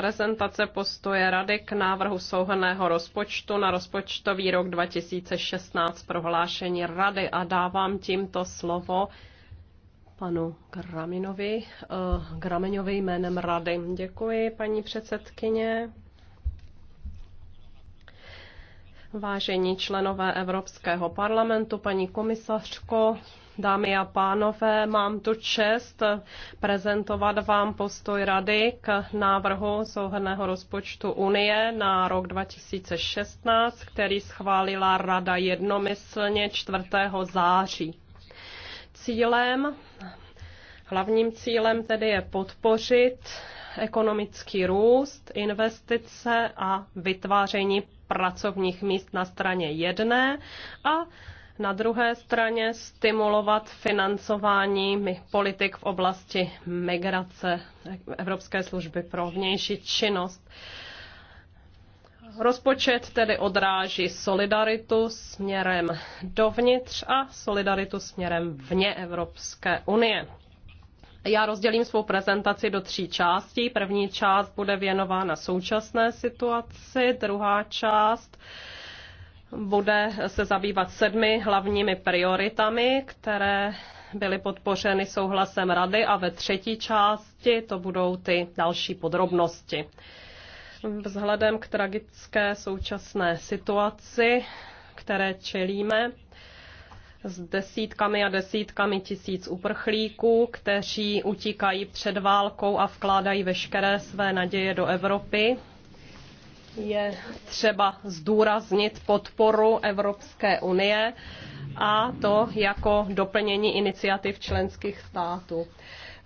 prezentace postoje Rady k návrhu souhrného rozpočtu na rozpočtový rok 2016 prohlášení Rady a dávám tímto slovo panu Graminovi, uh, Grameňovi jménem Rady. Děkuji, paní předsedkyně. Vážení členové Evropského parlamentu, paní komisařko, Dámy a pánové, mám tu čest prezentovat vám postoj Rady k návrhu souhrného rozpočtu Unie na rok 2016, který schválila Rada jednomyslně 4. září. Cílem, hlavním cílem tedy je podpořit ekonomický růst, investice a vytváření pracovních míst na straně jedné a na druhé straně stimulovat financování politik v oblasti migrace Evropské služby pro vnější činnost. Rozpočet tedy odráží solidaritu směrem dovnitř a solidaritu směrem vně Evropské unie. Já rozdělím svou prezentaci do tří částí. První část bude věnována současné situaci, druhá část bude se zabývat sedmi hlavními prioritami, které byly podpořeny souhlasem Rady a ve třetí části to budou ty další podrobnosti. Vzhledem k tragické současné situaci, které čelíme, s desítkami a desítkami tisíc uprchlíků, kteří utíkají před válkou a vkládají veškeré své naděje do Evropy, je třeba zdůraznit podporu Evropské unie a to jako doplnění iniciativ členských států.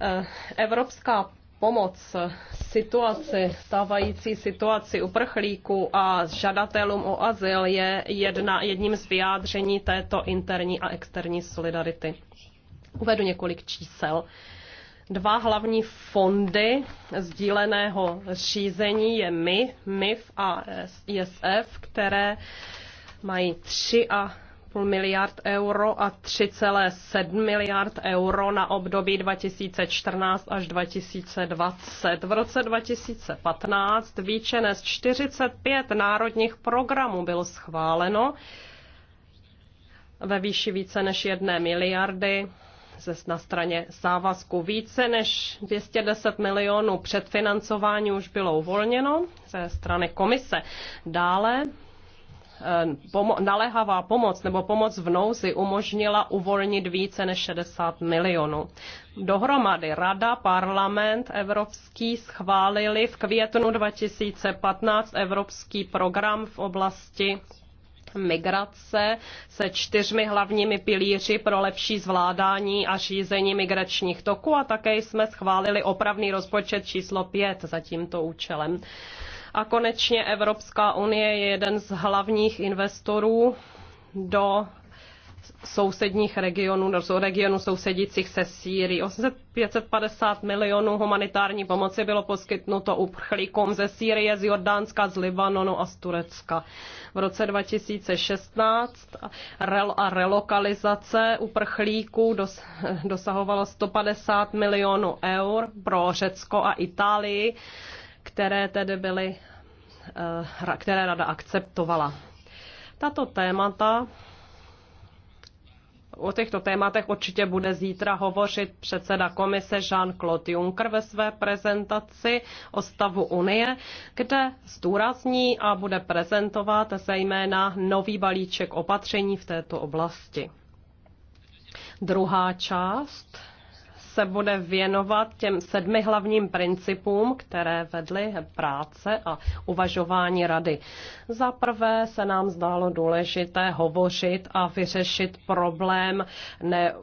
Eh, Evropská pomoc situaci, stávající situaci uprchlíků a žadatelům o azyl je jedna, jedním z vyjádření této interní a externí solidarity. Uvedu několik čísel. Dva hlavní fondy sdíleného řízení je MI, MIF a ISF, které mají 3,5 miliard euro a 3,7 miliard euro na období 2014 až 2020. V roce 2015 více než 45 národních programů bylo schváleno ve výši více než jedné miliardy na straně závazku. Více než 210 milionů předfinancování už bylo uvolněno ze strany komise. Dále eh, naléhavá pomoc nebo pomoc v nouzi umožnila uvolnit více než 60 milionů. Dohromady Rada, Parlament Evropský schválili v květnu 2015 Evropský program v oblasti migrace se čtyřmi hlavními pilíři pro lepší zvládání a řízení migračních toků a také jsme schválili opravný rozpočet číslo 5 za tímto účelem. A konečně Evropská unie je jeden z hlavních investorů do sousedních regionů, do regionů sousedících se Sýrií. 550 milionů humanitární pomoci bylo poskytnuto uprchlíkům ze Sýrie, z Jordánska, z Libanonu a z Turecka. V roce 2016 a relokalizace uprchlíků dosahovalo 150 milionů eur pro Řecko a Itálii, které tedy byly eh, které rada akceptovala. Tato témata O těchto tématech určitě bude zítra hovořit předseda komise Jean-Claude Juncker ve své prezentaci o stavu Unie, kde zdůrazní a bude prezentovat zejména nový balíček opatření v této oblasti. Druhá část se bude věnovat těm sedmi hlavním principům, které vedly práce a uvažování rady. Za prvé se nám zdálo důležité hovořit a vyřešit problém ne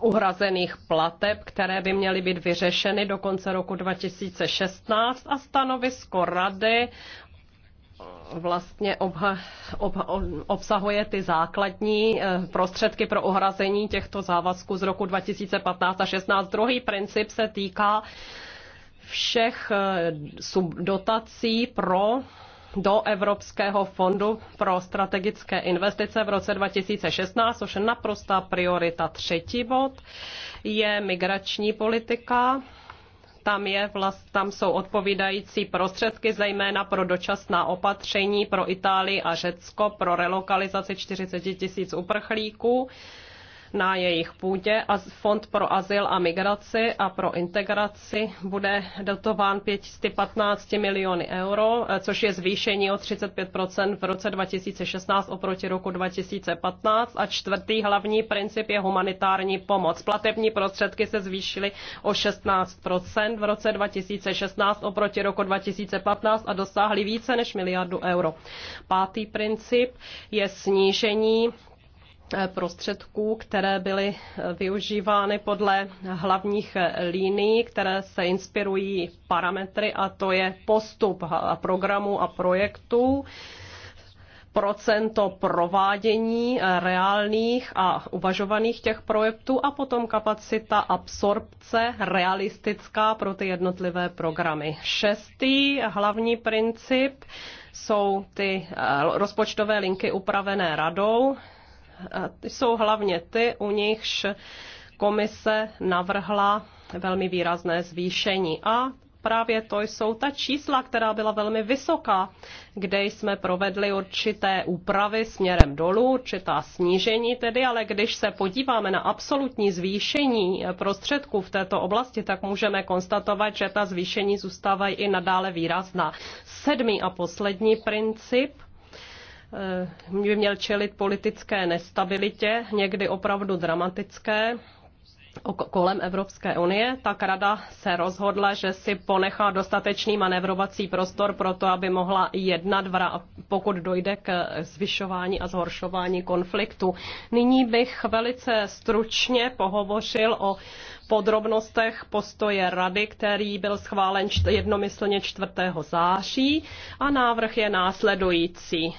uhrazených plateb, které by měly být vyřešeny do konce roku 2016 a stanovisko rady vlastně obha, ob, obsahuje ty základní eh, prostředky pro ohrazení těchto závazků z roku 2015 a 16. Druhý princip se týká všech eh, dotací pro do Evropského fondu pro strategické investice v roce 2016, což je naprostá priorita. Třetí bod je migrační politika tam, je, vlast, tam jsou odpovídající prostředky, zejména pro dočasná opatření pro Itálii a Řecko, pro relokalizaci 40 tisíc uprchlíků na jejich půdě a Fond pro azyl a migraci a pro integraci bude dotován 515 miliony euro, eh, což je zvýšení o 35% v roce 2016 oproti roku 2015 a čtvrtý hlavní princip je humanitární pomoc. Platební prostředky se zvýšily o 16% v roce 2016 oproti roku 2015 a dosáhly více než miliardu euro. Pátý princip je snížení Eh, prostředků, které byly eh, využívány podle hlavních eh, línií, které se inspirují parametry, a to je postup programu a projektů, procento provádění reálných a uvažovaných těch projektů a potom kapacita absorpce realistická pro ty jednotlivé programy. Šestý hlavní princip jsou ty rozpočtové linky upravené radou. Eh, jsou hlavně ty, u nichž komise navrhla velmi výrazné zvýšení. A právě to jsou ta čísla, která byla velmi vysoká, kde jsme provedli určité úpravy směrem dolů, určitá snížení tedy, ale když se podíváme na absolutní zvýšení prostředků v této oblasti, tak můžeme konstatovat, že ta zvýšení zůstávají i nadále výrazná. Sedmý a poslední princip Eh, by měl čelit politické nestabilitě, někdy opravdu dramatické, kolem Evropské unie, tak rada se rozhodla, že si ponechá dostatečný manevrovací prostor pro to, aby mohla jednat, pokud dojde k zvyšování a zhoršování konfliktu. Nyní bych velice stručně pohovořil o podrobnostech postoje rady, který byl schválen jednomyslně 4. září a návrh je následující.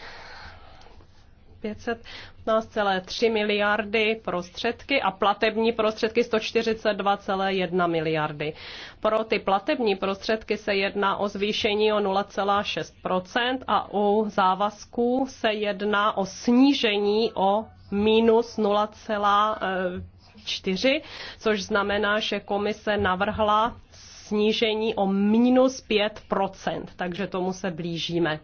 515,3 miliardy prostředky a platební prostředky 142,1 miliardy. Pro ty platební prostředky se jedná o zvýšení o 0,6% a u závazků se jedná o snížení o minus 0,5%. 4, což znamená, že komise navrhla snížení o minus 5 takže tomu se blížíme.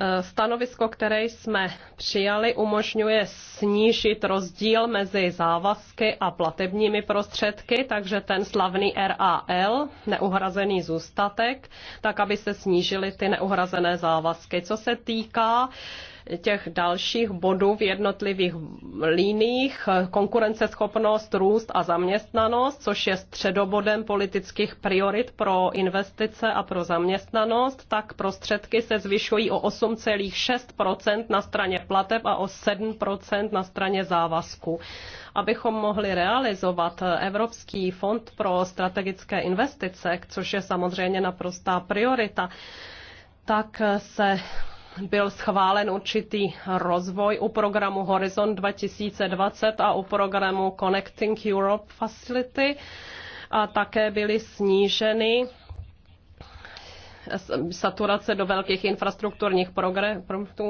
Eh, stanovisko, které jsme přijali, umožňuje snížit rozdíl mezi závazky a platebními prostředky, takže ten slavný RAL, neuhrazený zůstatek, tak aby se snížily ty neuhrazené závazky. Co se týká uh, těch dalších bodů v jednotlivých líních, konkurenceschopnost, růst a zaměstnanost, což je středobodem politických priorit pro investice a pro zaměstnanost, tak prostředky se zvyšují o 8,6 na straně plateb a o 7 na straně závazku. Abychom mohli realizovat Evropský fond pro strategické investice, což je samozřejmě naprostá priorita, tak se byl schválen určitý rozvoj u programu Horizon 2020 a u programu Connecting Europe Facility a také byly sníženy saturace do velkých infrastrukturních programů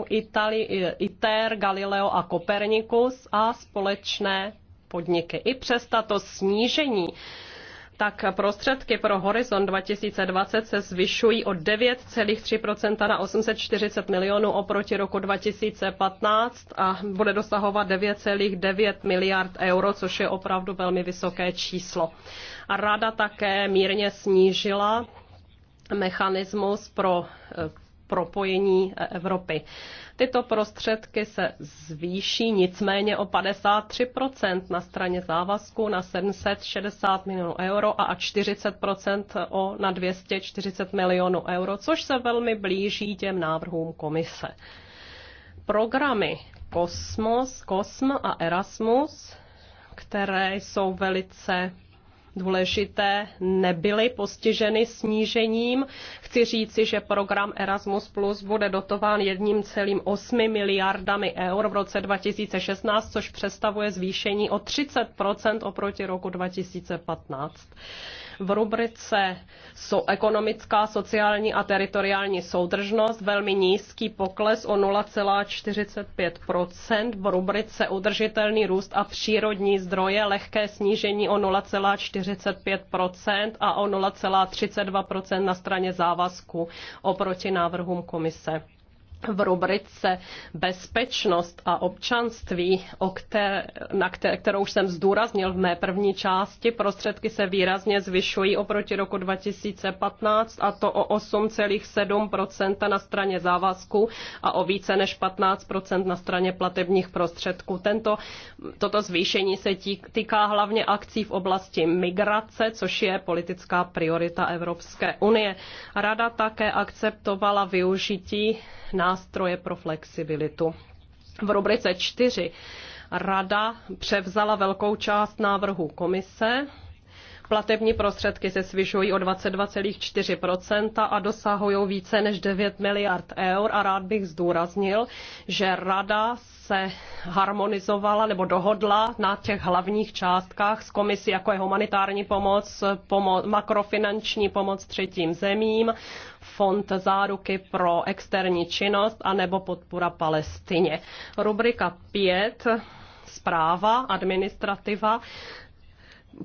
Itali, ITER, Galileo a Copernicus a společné podniky. I přes tato snížení tak prostředky pro Horizon 2020 se zvyšují o 9,3% na 840 milionů oproti roku 2015 a bude dosahovat 9,9 miliard euro, což je opravdu velmi vysoké číslo. A rada také mírně snížila mechanismus pro eh, propojení Evropy. Tyto prostředky se zvýší nicméně o 53% na straně závazku na 760 milionů euro a 40% o, na 240 milionů euro, což se velmi blíží těm návrhům komise. Programy Kosmos, Kosm a Erasmus, které jsou velice důležité nebyly postiženy snížením. Chci říci, že program Erasmus Plus bude dotován 1,8 miliardami eur v roce 2016, což představuje zvýšení o 30 oproti roku 2015 v rubrice so ekonomická, sociální a teritoriální soudržnost velmi nízký pokles o 0,45 v rubrice udržitelný růst a přírodní zdroje lehké snížení o 0,45 a o 0,32 na straně závazku oproti návrhům komise v rubrice Bezpečnost a občanství, o které, na které, kterou jsem zdůraznil v mé první části, prostředky se výrazně zvyšují oproti roku 2015 a to o 8,7 na straně závazku a o více než 15 na straně platebních prostředků. Tento, toto zvýšení se týká hlavně akcí v oblasti migrace, což je politická priorita Evropské unie. Rada také akceptovala využití na nástroje pro flexibilitu. V rubrice 4 Rada převzala velkou část návrhu komise Platební prostředky se svyšují o 22,4% a dosahují více než 9 miliard eur a rád bych zdůraznil, že rada se harmonizovala nebo dohodla na těch hlavních částkách s komisí, jako je humanitární pomoc, pomo- makrofinanční pomoc třetím zemím, fond záruky pro externí činnost a nebo podpora Palestině. Rubrika 5 zpráva, administrativa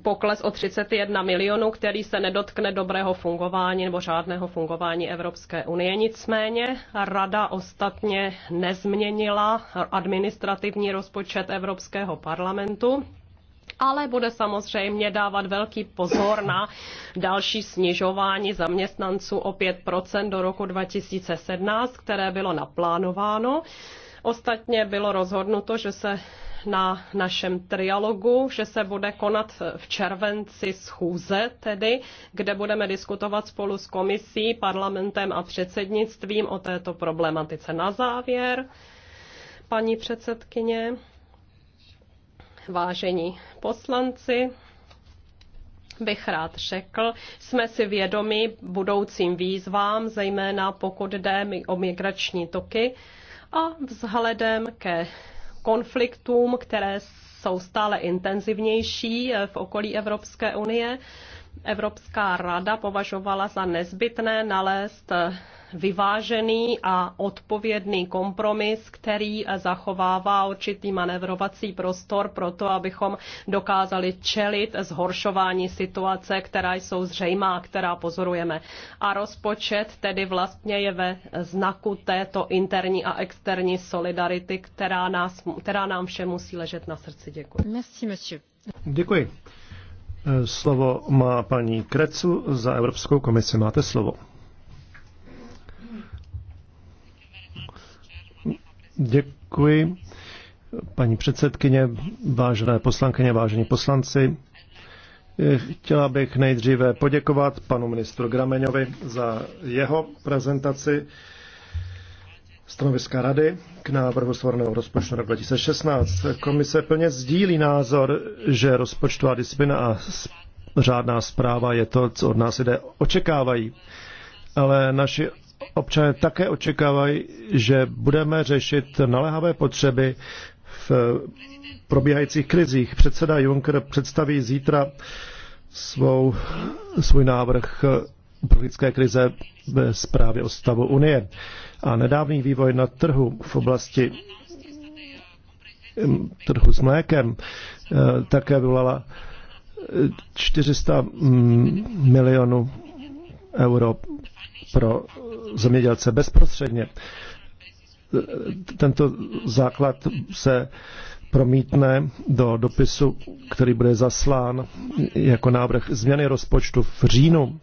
pokles o 31 milionů, který se nedotkne dobrého fungování nebo řádného fungování Evropské unie. Nicméně rada ostatně nezměnila administrativní rozpočet Evropského parlamentu ale bude samozřejmě dávat velký pozor na další snižování zaměstnanců o 5% do roku 2017, které bylo naplánováno. Ostatně bylo rozhodnuto, že se na našem trialogu, že se bude konat v červenci schůze, tedy, kde budeme diskutovat spolu s komisí, parlamentem a předsednictvím o této problematice. Na závěr, paní předsedkyně, vážení poslanci, bych rád řekl, jsme si vědomi budoucím výzvám, zejména pokud jde o migrační toky a vzhledem ke konfliktům, které jsou stále intenzivnější eh, v okolí Evropské unie. Evropská rada považovala za nezbytné nalézt eh, vyvážený a odpovědný kompromis, který zachovává určitý manevrovací prostor pro to, abychom dokázali čelit zhoršování situace, která jsou zřejmá, která pozorujeme. A rozpočet tedy vlastně je ve znaku této interní a externí solidarity, která, nás, která nám všem musí ležet na srdci. Děkuji. Merci, monsieur. Děkuji. Slovo má paní Krecu za Evropskou komisi. Máte slovo. Děkuji, paní předsedkyně, vážené poslankyně, vážení poslanci. Chtěla bych nejdříve poděkovat panu ministru Grameňovi za jeho prezentaci stanoviska Rady k návrhu svorného rozpočtu roku 2016. Komise plně sdílí názor, že rozpočtová disciplina a řádná zpráva je to, co od nás lidé očekávají. Ale naši občané také očekávají, že budeme řešit naléhavé potřeby v probíhajících krizích. Předseda Juncker představí zítra svou, svůj návrh uprchlické krize ve zprávě o stavu Unie. A nedávný vývoj na trhu v oblasti trhu s mlékem eh, také vyvolala 400 eh, mm, milionů euro pro zemědělce bezprostředně. Tento základ se promítne do dopisu, který bude zaslán jako návrh změny rozpočtu v říjnu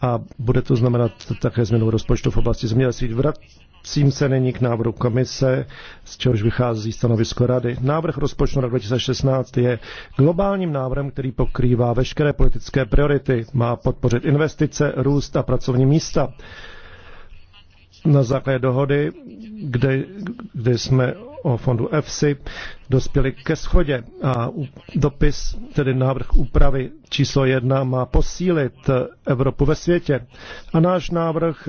a bude to znamenat také změnu rozpočtu v oblasti zemědělství. Vracím se nyní k návrhu komise, z čehož vychází stanovisko rady. Návrh rozpočtu na 2016 je globálním návrhem, který pokrývá veškeré politické priority. Má podpořit investice, růst a pracovní místa. Na základě dohody, kde, kde jsme o fondu EFSI dospěli ke schodě a dopis, tedy návrh úpravy číslo jedna, má posílit Evropu ve světě. A náš návrh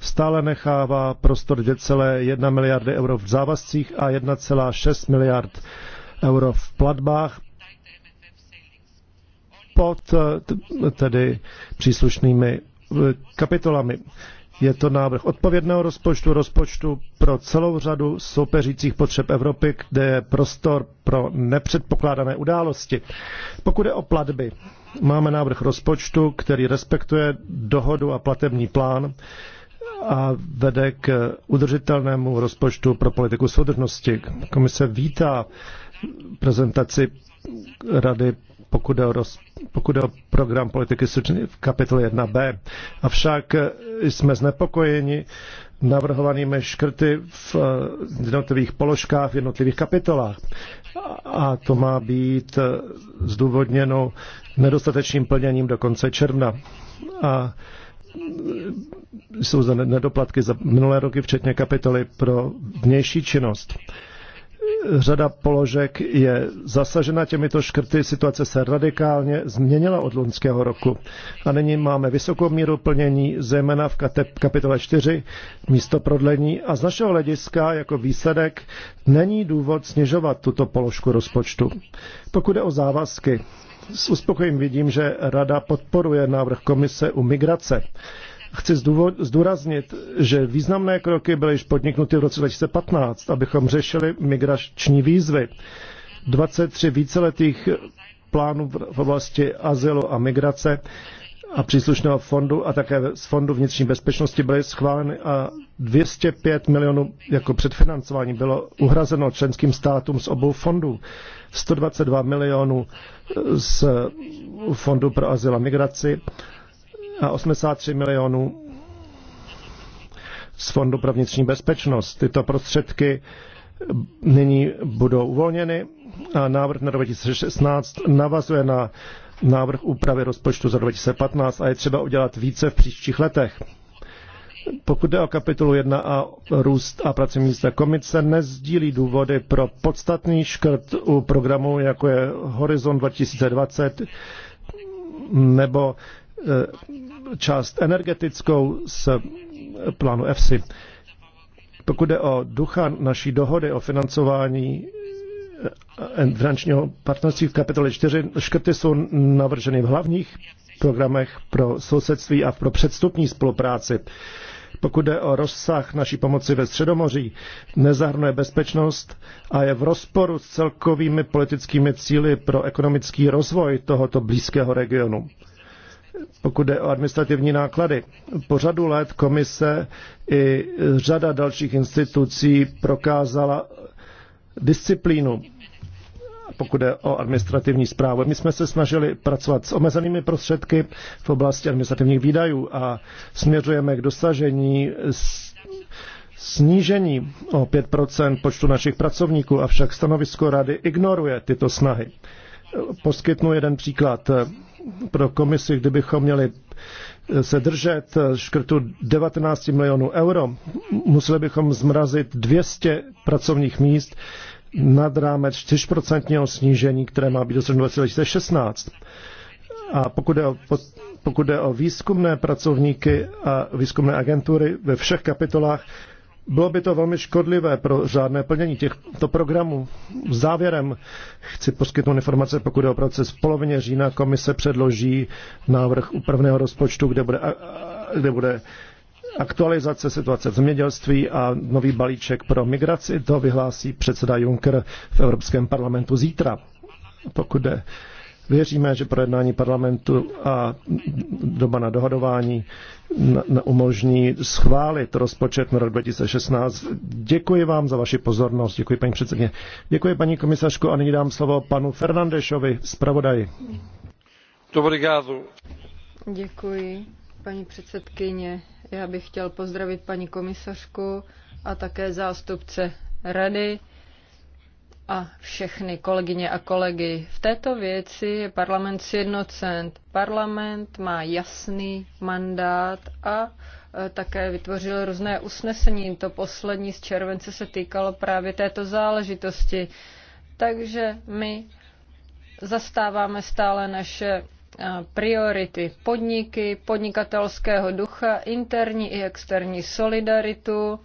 stále nechává prostor 2,1 miliardy euro v závazcích a 1,6 miliard euro v platbách pod tedy příslušnými kapitolami. Je to návrh odpovědného rozpočtu, rozpočtu pro celou řadu soupeřících potřeb Evropy, kde je prostor pro nepředpokládané události. Pokud je o platby, máme návrh rozpočtu, který respektuje dohodu a platební plán a vede k udržitelnému rozpočtu pro politiku soudržnosti. Komise vítá prezentaci Rady pokud jde o, roz, pokud jde o program politiky v kapitole 1b. Avšak eh, jsme znepokojeni navrhovanými škrty v eh, jednotlivých položkách, v jednotlivých kapitolách. A to má být eh, zdůvodněno nedostatečným plněním do konce června. A mm, jsou zde nedoplatky za minulé roky, včetně kapitoly pro vnější činnost řada položek je zasažena těmito škrty, situace se radikálně změnila od loňského roku. A nyní máme vysokou míru plnění, zejména v kapitole 4, místo prodlení. A z našeho hlediska jako výsledek není důvod snižovat tuto položku rozpočtu. Pokud je o závazky, s uspokojím vidím, že Rada podporuje návrh komise u migrace. Chci zdůraznit, že významné kroky byly již podniknuty v roce 2015, abychom řešili migrační výzvy. 23 víceletých plánů v oblasti azylu a migrace a příslušného fondu a také z fondu vnitřní bezpečnosti byly schváleny a 205 milionů jako předfinancování bylo uhrazeno členským státům z obou fondů. 122 milionů z fondu pro azyl a migraci a 83 milionů z Fondu pro vnitřní bezpečnost. Tyto prostředky nyní budou uvolněny a návrh na 2016 navazuje na návrh úpravy rozpočtu za 2015 a je třeba udělat více v příštích letech. Pokud jde o kapitolu 1a růst a pracovní místa, komice nezdílí důvody pro podstatný škrt u programu, jako je Horizon 2020 nebo Eh, část energetickou z plánu EFSI. Pokud jde o ducha naší dohody o financování eh, eh, finančního partnerství v kapitole 4, škrty jsou navrženy v hlavních programech pro sousedství a pro předstupní spolupráci. Pokud jde o rozsah naší pomoci ve Středomoří, nezahrnuje bezpečnost a je v rozporu s celkovými politickými cíly pro ekonomický rozvoj tohoto blízkého regionu pokud jde o administrativní náklady. Po řadu let komise i řada dalších institucí prokázala disciplínu, pokud jde o administrativní zprávu. My jsme se snažili pracovat s omezenými prostředky v oblasti administrativních výdajů a směřujeme k dosažení snížení o 5 počtu našich pracovníků, avšak stanovisko rady ignoruje tyto snahy. Poskytnu jeden příklad pro komisi, kdybychom měli se držet škrtu 19 milionů euro, museli bychom zmrazit 200 pracovních míst nad rámec 4% snížení, které má být dosaženo 2016. A pokud je o, pokud je o výzkumné pracovníky a výzkumné agentury ve všech kapitolách, bylo by to velmi škodlivé pro řádné plnění těchto programů. Závěrem chci poskytnout informace, pokud je o proces. V polovině října komise předloží návrh úpravného rozpočtu, kde bude, kde bude aktualizace situace v zemědělství a nový balíček pro migraci. To vyhlásí předseda Juncker v Evropském parlamentu zítra. Pokud jde Věříme, že projednání parlamentu a doba na dohodování umožní schválit rozpočet na rok 2016. Děkuji vám za vaši pozornost. Děkuji, paní předsedně. Děkuji, paní komisařku. A nyní dám slovo panu Fernandešovi, zpravodaji. Děkuji, paní předsedkyně. Já bych chtěl pozdravit paní komisařku a také zástupce rady a všechny kolegyně a kolegy. V této věci je parlament sjednocen. Parlament má jasný mandát a e, také vytvořil různé usnesení. To poslední z července se týkalo právě této záležitosti. Takže my zastáváme stále naše e, priority podniky, podnikatelského ducha, interní i externí solidaritu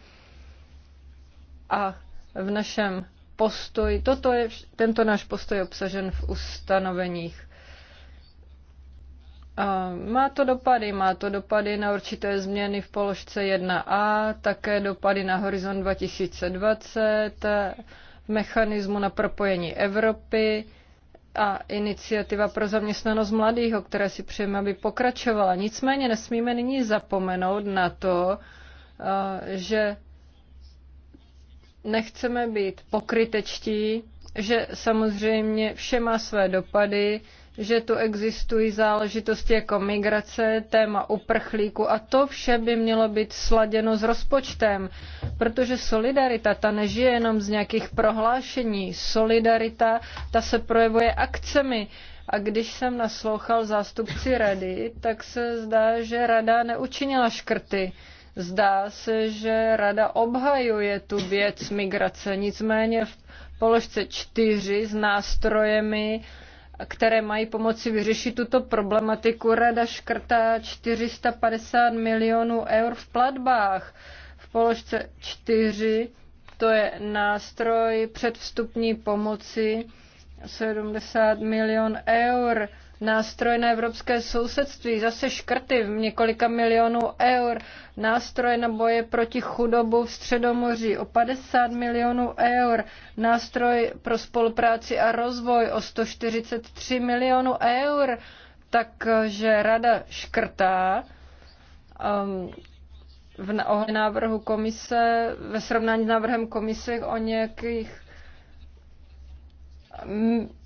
a v našem postoj, toto je, tento náš postoj obsažen v ustanoveních. A má to dopady, má to dopady na určité změny v položce 1a, také dopady na horizont 2020, mechanismu na propojení Evropy a iniciativa pro zaměstnanost mladých, o které si přejeme, aby pokračovala. Nicméně nesmíme nyní zapomenout na to, že nechceme být pokrytečtí, že samozřejmě vše má své dopady, že tu existují záležitosti jako migrace, téma uprchlíku a to vše by mělo být sladěno s rozpočtem, protože solidarita ta nežije jenom z nějakých prohlášení. Solidarita ta se projevuje akcemi. A když jsem naslouchal zástupci rady, tak se zdá, že rada neučinila škrty. Zdá se, že rada obhajuje tu věc migrace, nicméně v položce čtyři s nástrojemi, které mají pomoci vyřešit tuto problematiku, rada škrtá 450 milionů eur v platbách. V položce čtyři. to je nástroj předvstupní pomoci 70 milion eur nástroj na evropské sousedství, zase škrty v několika milionů eur, nástroj na boje proti chudobu v Středomoří o 50 milionů eur, nástroj pro spolupráci a rozvoj o 143 milionů eur, takže rada škrtá. Um, v návrhu komise, ve srovnání s návrhem komise o nějakých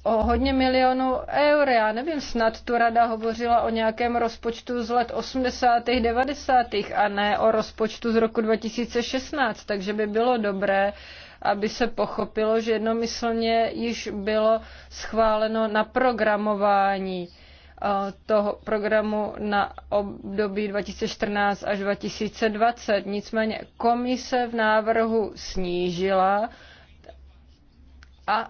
o hodně milionů eur. Já nevím, snad tu rada hovořila o nějakém rozpočtu z let 80. 90. a ne o rozpočtu z roku 2016, takže by bylo dobré, aby se pochopilo, že jednomyslně již bylo schváleno na programování e, toho programu na období 2014 až 2020. Nicméně komise v návrhu snížila a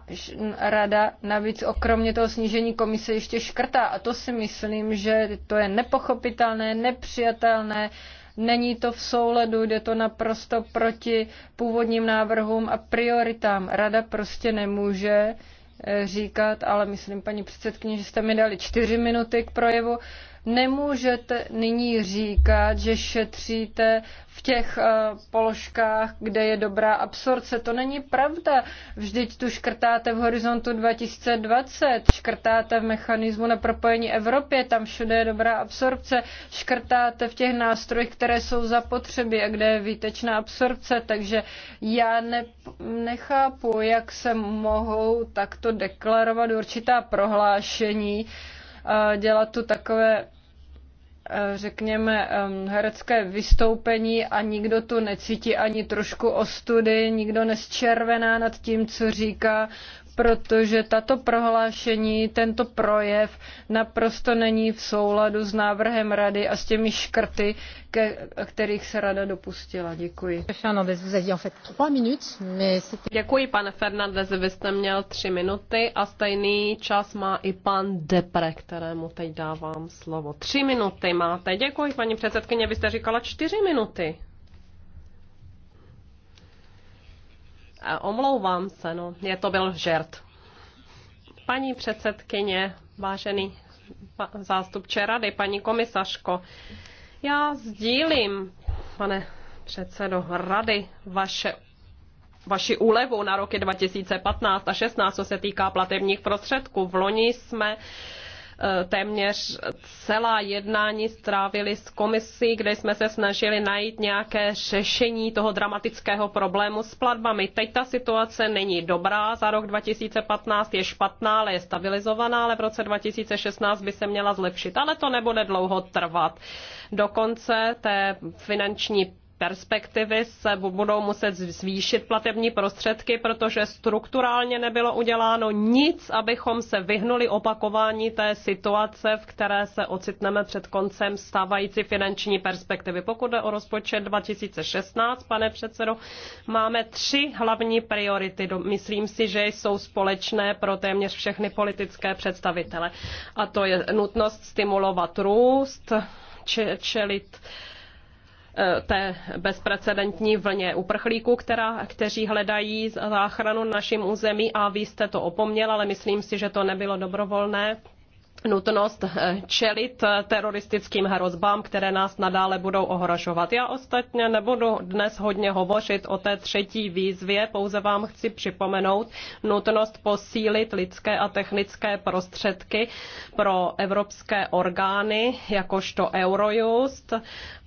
rada navíc okromě toho snížení komise ještě škrtá. A to si myslím, že to je nepochopitelné, nepřijatelné, není to v souladu, jde to naprosto proti původním návrhům a prioritám. Rada prostě nemůže eh, říkat, ale myslím, paní předsedkyně, že jste mi dali čtyři minuty k projevu, Nemůžete nyní říkat, že šetříte v těch eh, položkách, kde je dobrá absorce. To není pravda. Vždyť tu škrtáte v horizontu 2020, škrtáte v mechanismu na propojení Evropě, tam všude je dobrá absorpce, škrtáte v těch nástrojích, které jsou zapotřeby a kde je výtečná absorpce. Takže já ne, nechápu, jak se mohou takto deklarovat určitá prohlášení, dělat tu takové řekněme, herecké vystoupení a nikdo tu necítí ani trošku ostudy, nikdo nesčervená nad tím, co říká, protože tato prohlášení, tento projev naprosto není v souladu s návrhem rady a s těmi škrty, ke, kterých se rada dopustila. Děkuji. Děkuji, pane Fernandez, vy jste měl tři minuty a stejný čas má i pan Depre, kterému teď dávám slovo. Tři minuty máte. Děkuji, paní předsedkyně, vy jste říkala čtyři minuty. Eh, omlouvám se, no, je to byl žert. Paní předsedkyně, vážený zástupče rady, paní komisařko, já sdílím, pane předsedo rady, vaše vaši úlevu na roky 2015 a 16, co se týká platebních prostředků. V loni jsme téměř celá jednání strávili s komisí, kde jsme se snažili najít nějaké řešení toho dramatického problému s platbami. Teď ta situace není dobrá, za rok 2015 je špatná, ale je stabilizovaná, ale v roce 2016 by se měla zlepšit. Ale to nebude dlouho trvat. Do konce té finanční perspektivy se budou muset zvýšit platební prostředky, protože strukturálně nebylo uděláno nic, abychom se vyhnuli opakování té situace, v které se ocitneme před koncem stávající finanční perspektivy. Pokud jde o rozpočet 2016, pane předsedo, máme tři hlavní priority. Myslím si, že jsou společné pro téměř všechny politické představitele. A to je nutnost stimulovat růst, čelit Eh, té bezprecedentní vlně uprchlíků, která, kteří hledají záchranu na našem území a vy jste to opomněl, ale myslím si, že to nebylo dobrovolné nutnost eh, čelit eh, teroristickým hrozbám, které nás nadále budou ohrožovat. Já ostatně nebudu dnes hodně hovořit o té třetí výzvě, pouze vám chci připomenout nutnost posílit lidské a technické prostředky pro evropské orgány, jakožto Eurojust,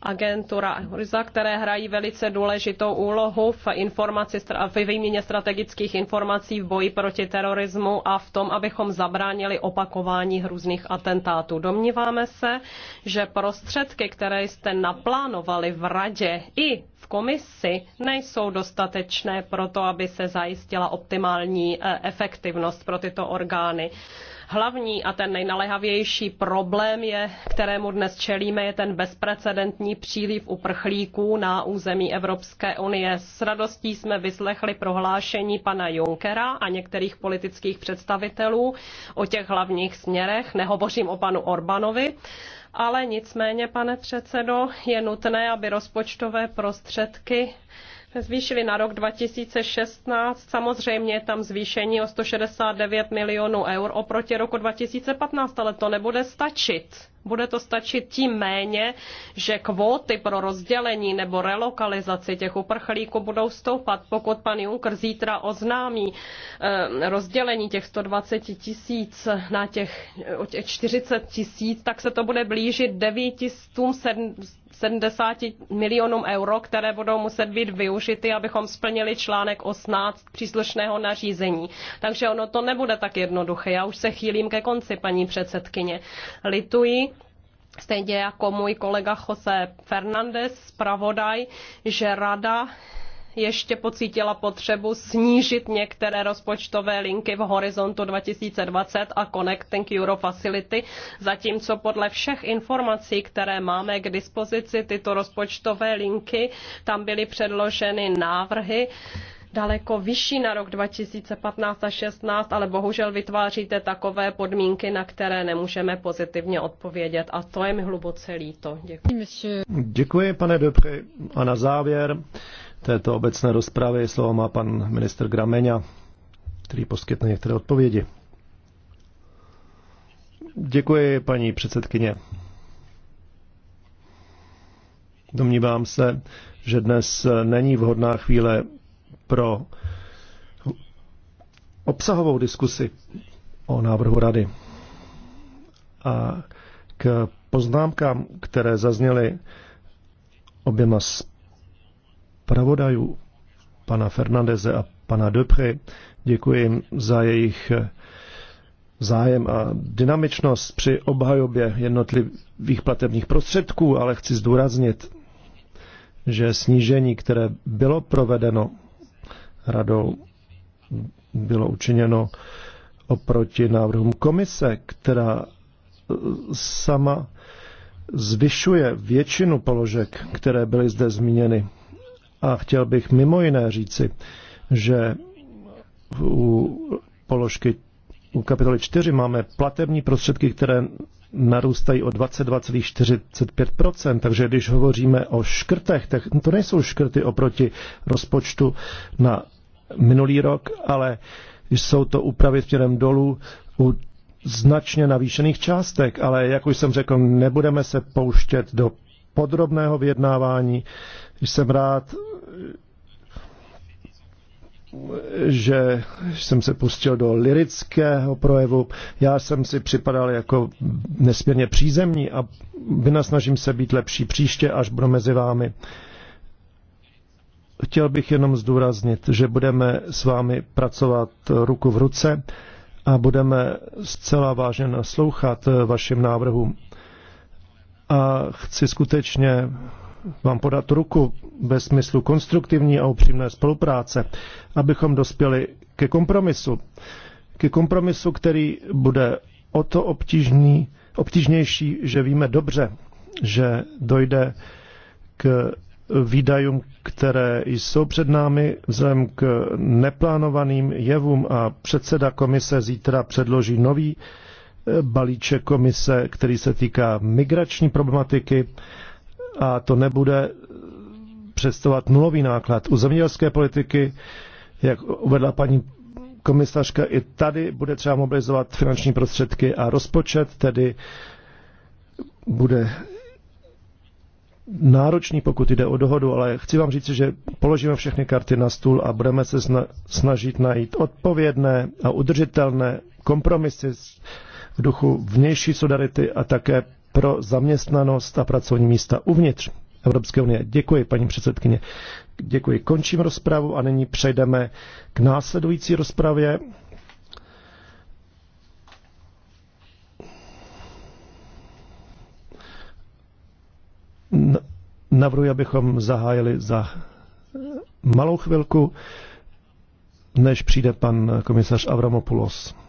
agentura Euriza, které hrají velice důležitou úlohu v, informaci, v výměně strategických informací v boji proti terorismu a v tom, abychom zabránili opakování hrůz různých atentátů. Domníváme se, že prostředky, které jste naplánovali v radě i v komisi, nejsou dostatečné pro to, aby se zajistila optimální eh, efektivnost pro tyto orgány. Hlavní a ten nejnalehavější problém je, kterému dnes čelíme, je ten bezprecedentní příliv uprchlíků na území Evropské unie. S radostí jsme vyslechli prohlášení pana Junckera a některých politických představitelů o těch hlavních směrech. Nehovořím o panu Orbanovi, ale nicméně, pane předsedo, je nutné, aby rozpočtové prostředky Zvýšili na rok 2016. Samozřejmě je tam zvýšení o 169 milionů eur oproti roku 2015, ale to nebude stačit. Bude to stačit tím méně, že kvóty pro rozdělení nebo relokalizaci těch uprchlíků budou stoupat, pokud pan Juncker zítra oznámí eh, rozdělení těch 120 tisíc na těch 40 tisíc, tak se to bude blížit 900 70 milionům euro, které budou muset být využity, abychom splnili článek 18 příslušného nařízení. Takže ono to nebude tak jednoduché. Já už se chýlím ke konci, paní předsedkyně. Lituji, stejně jako můj kolega Jose Fernandez, zpravodaj, že rada ještě pocítila potřebu snížit některé rozpočtové linky v horizontu 2020 a Connecting Euro Facility, zatímco podle všech informací, které máme k dispozici, tyto rozpočtové linky, tam byly předloženy návrhy, daleko vyšší na rok 2015 a 16, ale bohužel vytváříte takové podmínky, na které nemůžeme pozitivně odpovědět a to je mi hluboce líto. Děkuji. Děkuji, pane Dobry. A na závěr této obecné rozpravy. Slovo má pan minister Grameňa, který poskytne některé odpovědi. Děkuji, paní předsedkyně. Domnívám se, že dnes není vhodná chvíle pro obsahovou diskusi o návrhu rady. A k poznámkám, které zazněly oběma z pravodajů, pana Fernandeze a pana Depre. Děkuji jim za jejich zájem a dynamičnost při obhajobě jednotlivých platebních prostředků, ale chci zdůraznit, že snížení, které bylo provedeno radou, bylo učiněno oproti návrhům komise, která sama zvyšuje většinu položek, které byly zde zmíněny. A chtěl bych mimo jiné říci, že u položky u kapitoly 4 máme platební prostředky, které narůstají o 22,45%, takže když hovoříme o škrtech, tak to nejsou škrty oproti rozpočtu na minulý rok, ale jsou to úpravy směrem dolů u značně navýšených částek, ale jak už jsem řekl, nebudeme se pouštět do podrobného vyjednávání. Jsem rád, že jsem se pustil do lirického projevu. Já jsem si připadal jako nesmírně přízemní a vynasnažím se být lepší příště, až budu mezi vámi. Chtěl bych jenom zdůraznit, že budeme s vámi pracovat ruku v ruce a budeme zcela vážně naslouchat vašim návrhům. A chci skutečně vám podat ruku ve smyslu konstruktivní a upřímné spolupráce, abychom dospěli ke kompromisu. Ke kompromisu, který bude o to obtížný, obtížnější, že víme dobře, že dojde k výdajům, které jsou před námi vzhledem k neplánovaným jevům a předseda komise zítra předloží nový eh, balíček komise, který se týká migrační problematiky a to nebude představovat nulový náklad. U zemědělské politiky, jak uvedla paní komisařka, i tady bude třeba mobilizovat finanční prostředky a rozpočet tedy bude náročný, pokud jde o dohodu, ale chci vám říct, že položíme všechny karty na stůl a budeme se snažit najít odpovědné a udržitelné kompromisy v duchu vnější solidarity a také pro zaměstnanost a pracovní místa uvnitř Evropské unie. Děkuji, paní předsedkyně. Děkuji. Končím rozpravu a nyní přejdeme k následující rozpravě. Navrhuji, abychom zahájili za malou chvilku, než přijde pan komisař Avramopoulos.